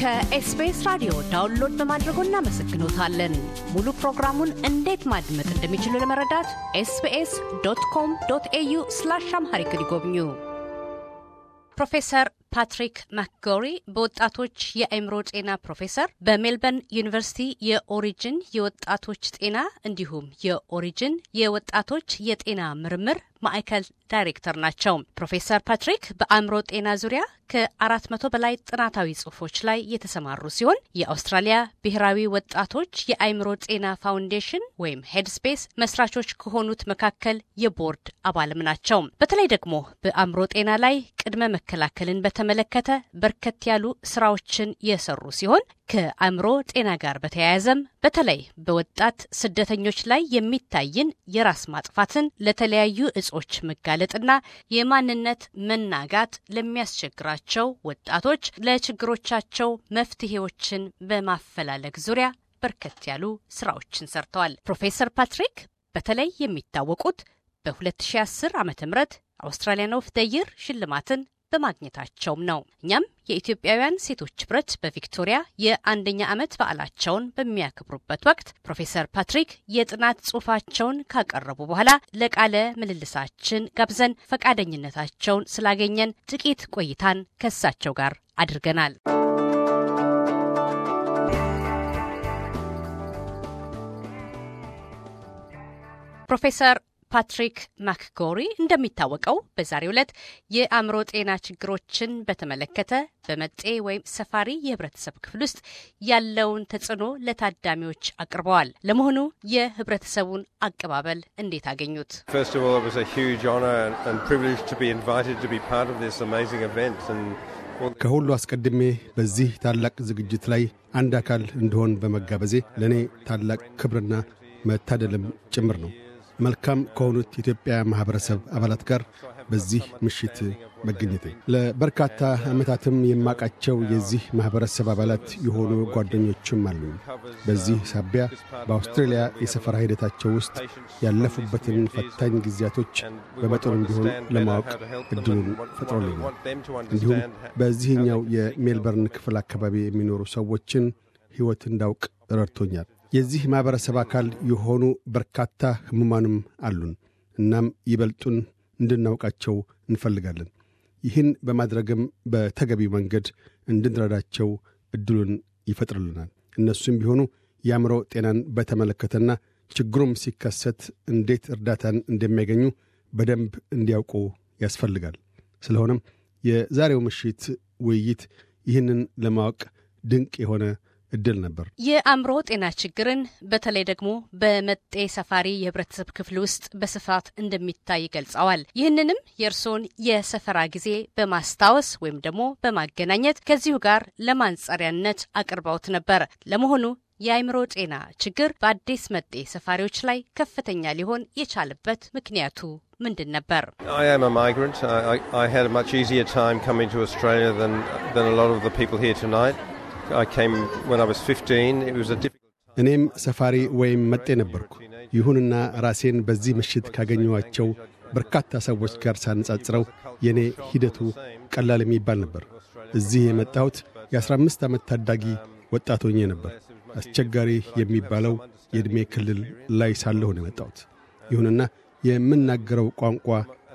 ከኤስቢኤስ ራዲዮ ዳውንሎድ በማድረጎ እናመሰግኖታለን። ሙሉ ፕሮግራሙን እንዴት ማድመጥ እንደሚችሉ ለመረዳት ኤስቢኤስ ዶት ኮም ዶት ኤዩ ስላሽ አምሃሪክ ይጎብኙ። ፕሮፌሰር ፓትሪክ ማክጎሪ በወጣቶች የአእምሮ ጤና ፕሮፌሰር በሜልበርን ዩኒቨርሲቲ የኦሪጅን የወጣቶች ጤና እንዲሁም የኦሪጅን የወጣቶች የጤና ምርምር ማዕከል ዳይሬክተር ናቸው። ፕሮፌሰር ፓትሪክ በአእምሮ ጤና ዙሪያ ከአራት መቶ በላይ ጥናታዊ ጽሁፎች ላይ የተሰማሩ ሲሆን የአውስትራሊያ ብሔራዊ ወጣቶች የአእምሮ ጤና ፋውንዴሽን ወይም ሄድስፔስ መስራቾች ከሆኑት መካከል የቦርድ አባልም ናቸው። በተለይ ደግሞ በአእምሮ ጤና ላይ ቅድመ መከላከልን በተመለከተ በርከት ያሉ ስራዎችን የሰሩ ሲሆን ከአእምሮ ጤና ጋር በተያያዘም በተለይ በወጣት ስደተኞች ላይ የሚታይን የራስ ማጥፋትን፣ ለተለያዩ እጾች መጋለጥና የማንነት መናጋት ለሚያስቸግራቸው ወጣቶች ለችግሮቻቸው መፍትሄዎችን በማፈላለግ ዙሪያ በርከት ያሉ ስራዎችን ሰርተዋል። ፕሮፌሰር ፓትሪክ በተለይ የሚታወቁት በ2010 ዓ ም አውስትራሊያን ኦፍ ደይር ሽልማትን በማግኘታቸውም ነው። እኛም የኢትዮጵያውያን ሴቶች ህብረት በቪክቶሪያ የአንደኛ ዓመት በዓላቸውን በሚያከብሩበት ወቅት ፕሮፌሰር ፓትሪክ የጥናት ጽሑፋቸውን ካቀረቡ በኋላ ለቃለ ምልልሳችን ጋብዘን ፈቃደኝነታቸውን ስላገኘን ጥቂት ቆይታን ከእሳቸው ጋር አድርገናል። ፕሮፌሰር ፓትሪክ ማክጎሪ እንደሚታወቀው በዛሬው ዕለት የአእምሮ ጤና ችግሮችን በተመለከተ በመጤ ወይም ሰፋሪ የህብረተሰብ ክፍል ውስጥ ያለውን ተጽዕኖ ለታዳሚዎች አቅርበዋል። ለመሆኑ የህብረተሰቡን አቀባበል እንዴት አገኙት? ከሁሉ አስቀድሜ በዚህ ታላቅ ዝግጅት ላይ አንድ አካል እንደሆን በመጋበዜ ለእኔ ታላቅ ክብርና መታደልም ጭምር ነው። መልካም ከሆኑት የኢትዮጵያ ማኅበረሰብ አባላት ጋር በዚህ ምሽት መገኘቴ ለበርካታ ዓመታትም የማውቃቸው የዚህ ማኅበረሰብ አባላት የሆኑ ጓደኞችም አሉ። በዚህ ሳቢያ በአውስትራሊያ የሰፈራ ሂደታቸው ውስጥ ያለፉበትን ፈታኝ ጊዜያቶች በመጠኑ እንዲሆን ለማወቅ እድሉን ፈጥሮልኛል። እንዲሁም በዚህኛው የሜልበርን ክፍል አካባቢ የሚኖሩ ሰዎችን ሕይወት እንዳውቅ ረድቶኛል። የዚህ ማኅበረሰብ አካል የሆኑ በርካታ ሕሙማንም አሉን። እናም ይበልጡን እንድናውቃቸው እንፈልጋለን። ይህን በማድረግም በተገቢው መንገድ እንድንረዳቸው እድሉን ይፈጥርልናል። እነሱም ቢሆኑ የአእምሮ ጤናን በተመለከተና ችግሩም ሲከሰት እንዴት እርዳታን እንደሚያገኙ በደንብ እንዲያውቁ ያስፈልጋል። ስለሆነም የዛሬው ምሽት ውይይት ይህንን ለማወቅ ድንቅ የሆነ እድል ነበር። የአእምሮ ጤና ችግርን በተለይ ደግሞ በመጤ ሰፋሪ የህብረተሰብ ክፍል ውስጥ በስፋት እንደሚታይ ገልጸዋል። ይህንንም የእርሶን የሰፈራ ጊዜ በማስታወስ ወይም ደግሞ በማገናኘት ከዚሁ ጋር ለማንጸሪያነት አቅርበውት ነበር። ለመሆኑ የአእምሮ ጤና ችግር በአዲስ መጤ ሰፋሪዎች ላይ ከፍተኛ ሊሆን የቻለበት ምክንያቱ ምንድን ነበር? እኔም ሰፋሪ ወይም መጤ ነበርኩ። ይሁንና ራሴን በዚህ ምሽት ካገኘኋቸው በርካታ ሰዎች ጋር ሳነጻጽረው የእኔ ሂደቱ ቀላል የሚባል ነበር። እዚህ የመጣሁት የ15 ዓመት ታዳጊ ወጣት ሆኜ ነበር። አስቸጋሪ የሚባለው የዕድሜ ክልል ላይ ሳለሁ ነው የመጣሁት። ይሁንና የምናገረው ቋንቋ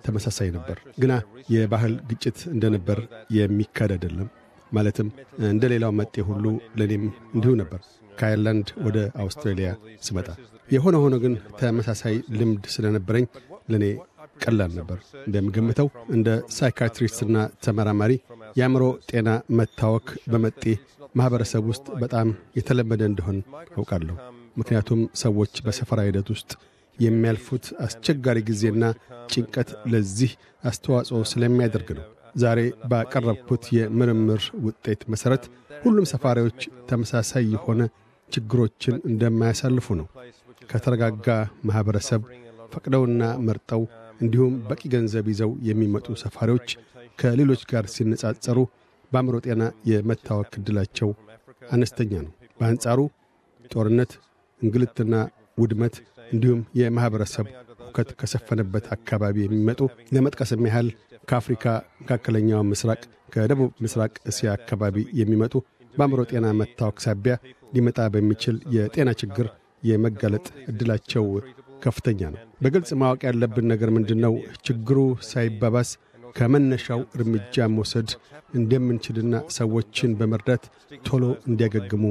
ተመሳሳይ ነበር። ግና የባህል ግጭት እንደነበር የሚካድ አይደለም። ማለትም እንደ ሌላው መጤ ሁሉ ለእኔም እንዲሁ ነበር ከአይርላንድ ወደ አውስትራሊያ ስመጣ። የሆነ ሆኖ ግን ተመሳሳይ ልምድ ስለነበረኝ ለእኔ ቀላል ነበር። እንደምገምተው እንደ ሳይካትሪስትና ተመራማሪ የአእምሮ ጤና መታወክ በመጤ ማኅበረሰብ ውስጥ በጣም የተለመደ እንደሆን አውቃለሁ። ምክንያቱም ሰዎች በሰፈራ ሂደት ውስጥ የሚያልፉት አስቸጋሪ ጊዜና ጭንቀት ለዚህ አስተዋጽኦ ስለሚያደርግ ነው። ዛሬ ባቀረብኩት የምርምር ውጤት መሠረት ሁሉም ሰፋሪዎች ተመሳሳይ የሆነ ችግሮችን እንደማያሳልፉ ነው። ከተረጋጋ ማኅበረሰብ ፈቅደውና መርጠው እንዲሁም በቂ ገንዘብ ይዘው የሚመጡ ሰፋሪዎች ከሌሎች ጋር ሲነጻጸሩ በአእምሮ ጤና የመታወክ ዕድላቸው አነስተኛ ነው። በአንጻሩ ጦርነት፣ እንግልትና ውድመት እንዲሁም የማኅበረሰብ ሁከት ከሰፈነበት አካባቢ የሚመጡ ለመጥቀስም ያህል ከአፍሪካ፣ መካከለኛው ምስራቅ፣ ከደቡብ ምስራቅ እስያ አካባቢ የሚመጡ በአእምሮ ጤና መታወክ ሳቢያ ሊመጣ በሚችል የጤና ችግር የመጋለጥ ዕድላቸው ከፍተኛ ነው። በግልጽ ማወቅ ያለብን ነገር ምንድን ነው? ችግሩ ሳይባባስ ከመነሻው እርምጃ መውሰድ እንደምንችልና ሰዎችን በመርዳት ቶሎ እንዲያገግሙ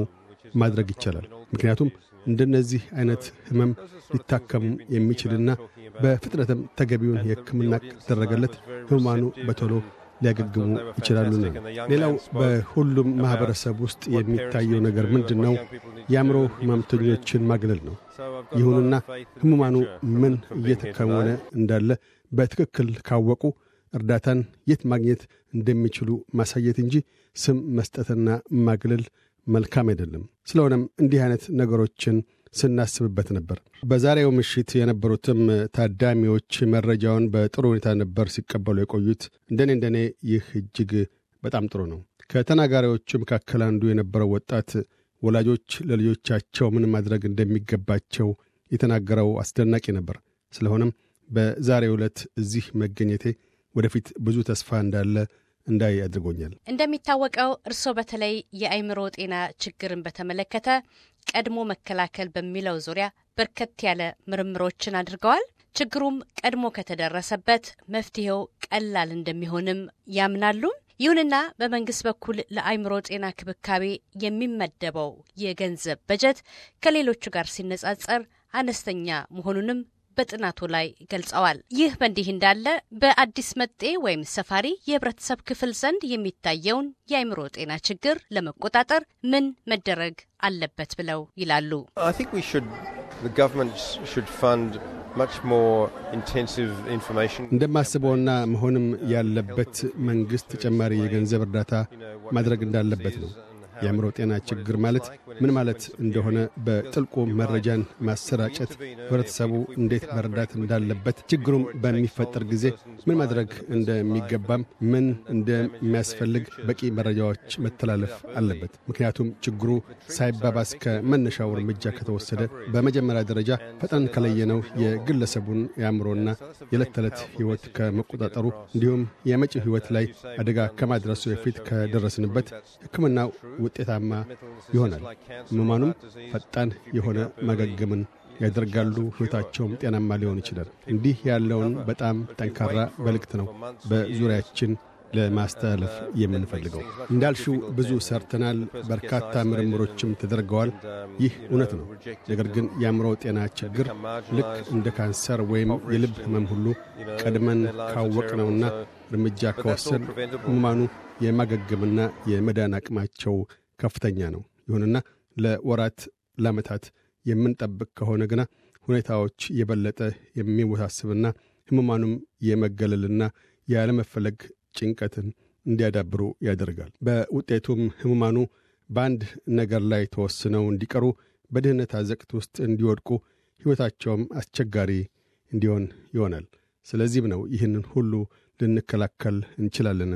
ማድረግ ይቻላል። ምክንያቱም እንደነዚህ አይነት ህመም ሊታከም የሚችልና በፍጥነትም ተገቢውን የህክምና ከተደረገለት ህሙማኑ በቶሎ ሊያገግሙ ይችላሉ ነው። ሌላው በሁሉም ማኅበረሰብ ውስጥ የሚታየው ነገር ምንድን ነው? የአእምሮ ህመምተኞችን ማግለል ነው። ይሁንና ህሙማኑ ምን እየተከወነ እንዳለ በትክክል ካወቁ እርዳታን የት ማግኘት እንደሚችሉ ማሳየት እንጂ ስም መስጠትና ማግለል መልካም አይደለም። ስለሆነም እንዲህ አይነት ነገሮችን ስናስብበት ነበር። በዛሬው ምሽት የነበሩትም ታዳሚዎች መረጃውን በጥሩ ሁኔታ ነበር ሲቀበሉ የቆዩት። እንደኔ እንደኔ ይህ እጅግ በጣም ጥሩ ነው። ከተናጋሪዎቹ መካከል አንዱ የነበረው ወጣት ወላጆች ለልጆቻቸው ምን ማድረግ እንደሚገባቸው የተናገረው አስደናቂ ነበር። ስለሆነም በዛሬው ዕለት እዚህ መገኘቴ ወደፊት ብዙ ተስፋ እንዳለ እንዳይ አድርጎኛል። እንደሚታወቀው እርስዎ በተለይ የአእምሮ ጤና ችግርን በተመለከተ ቀድሞ መከላከል በሚለው ዙሪያ በርከት ያለ ምርምሮችን አድርገዋል። ችግሩም ቀድሞ ከተደረሰበት መፍትሄው ቀላል እንደሚሆንም ያምናሉ። ይሁንና በመንግስት በኩል ለአእምሮ ጤና ክብካቤ የሚመደበው የገንዘብ በጀት ከሌሎቹ ጋር ሲነጻጸር አነስተኛ መሆኑንም በጥናቱ ላይ ገልጸዋል። ይህ በእንዲህ እንዳለ በአዲስ መጤ ወይም ሰፋሪ የህብረተሰብ ክፍል ዘንድ የሚታየውን የአእምሮ ጤና ችግር ለመቆጣጠር ምን መደረግ አለበት ብለው ይላሉ። እንደማስበውና መሆንም ያለበት መንግስት ተጨማሪ የገንዘብ እርዳታ ማድረግ እንዳለበት ነው። የአእምሮ ጤና ችግር ማለት ምን ማለት እንደሆነ በጥልቁ መረጃን ማሰራጨት፣ ህብረተሰቡ እንዴት መረዳት እንዳለበት፣ ችግሩም በሚፈጠር ጊዜ ምን ማድረግ እንደሚገባም ምን እንደሚያስፈልግ በቂ መረጃዎች መተላለፍ አለበት። ምክንያቱም ችግሩ ሳይባባስ ከመነሻው እርምጃ ከተወሰደ በመጀመሪያ ደረጃ ፈጠን ከለየነው የግለሰቡን የአእምሮና የዕለት ተዕለት ከመቆጣጠሩ እንዲሁም የመጪው ህይወት ላይ አደጋ ከማድረሱ በፊት ከደረስንበት ህክምናው ውጤታማ ይሆናል። ህሙማኑም ፈጣን የሆነ ማገገምን ያደርጋሉ። ሕይወታቸውም ጤናማ ሊሆን ይችላል። እንዲህ ያለውን በጣም ጠንካራ መልእክት ነው በዙሪያችን ለማስተላለፍ የምንፈልገው። እንዳልሽው ብዙ ሰርተናል፣ በርካታ ምርምሮችም ተደርገዋል። ይህ እውነት ነው። ነገር ግን የአእምሮ ጤና ችግር ልክ እንደ ካንሰር ወይም የልብ ህመም ሁሉ ቀድመን ካወቅነውና እርምጃ ከወሰድ ህሙማኑ የማገገምና የመዳን አቅማቸው ከፍተኛ ነው። ይሁንና ለወራት ለዓመታት የምንጠብቅ ከሆነ ግና ሁኔታዎች የበለጠ የሚወሳስብና ህሙማኑም የመገለልና ያለመፈለግ ጭንቀትን እንዲያዳብሩ ያደርጋል። በውጤቱም ህሙማኑ በአንድ ነገር ላይ ተወስነው እንዲቀሩ፣ በድህነት አዘቅት ውስጥ እንዲወድቁ፣ ሕይወታቸውም አስቸጋሪ እንዲሆን ይሆናል። ስለዚህም ነው ይህንን ሁሉ ልንከላከል እንችላለን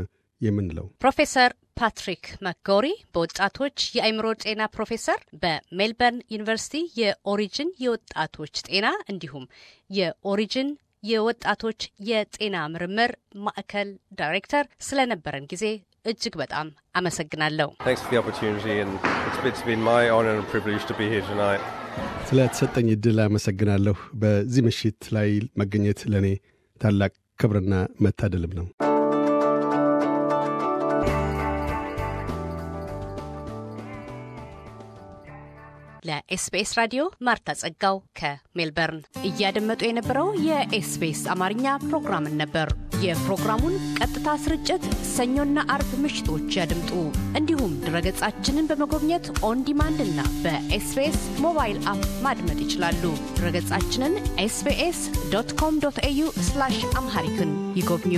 የምንለው። ፕሮፌሰር ፓትሪክ መጎሪ በወጣቶች የአእምሮ ጤና ፕሮፌሰር በሜልበርን ዩኒቨርሲቲ የኦሪጅን የወጣቶች ጤና እንዲሁም የኦሪጅን የወጣቶች የጤና ምርምር ማዕከል ዳይሬክተር፣ ስለነበረን ጊዜ እጅግ በጣም አመሰግናለሁ። ስለተሰጠኝ እድል አመሰግናለሁ። በዚህ ምሽት ላይ መገኘት ለእኔ ታላቅ ክብርና መታደልም ነው። ለኤስቢኤስ ራዲዮ ማርታ ጸጋው ከሜልበርን። እያደመጡ የነበረው የኤስቢኤስ አማርኛ ፕሮግራምን ነበር። የፕሮግራሙን ቀጥታ ስርጭት ሰኞና አርብ ምሽቶች ያድምጡ። እንዲሁም ድረገጻችንን በመጎብኘት ኦን ዲማንድ እና በኤስቢኤስ ሞባይል አፕ ማድመጥ ይችላሉ። ድረገጻችንን ኤስቢኤስ ዶት ኮም ዶት ኤዩ አምሃሪክን ይጎብኙ።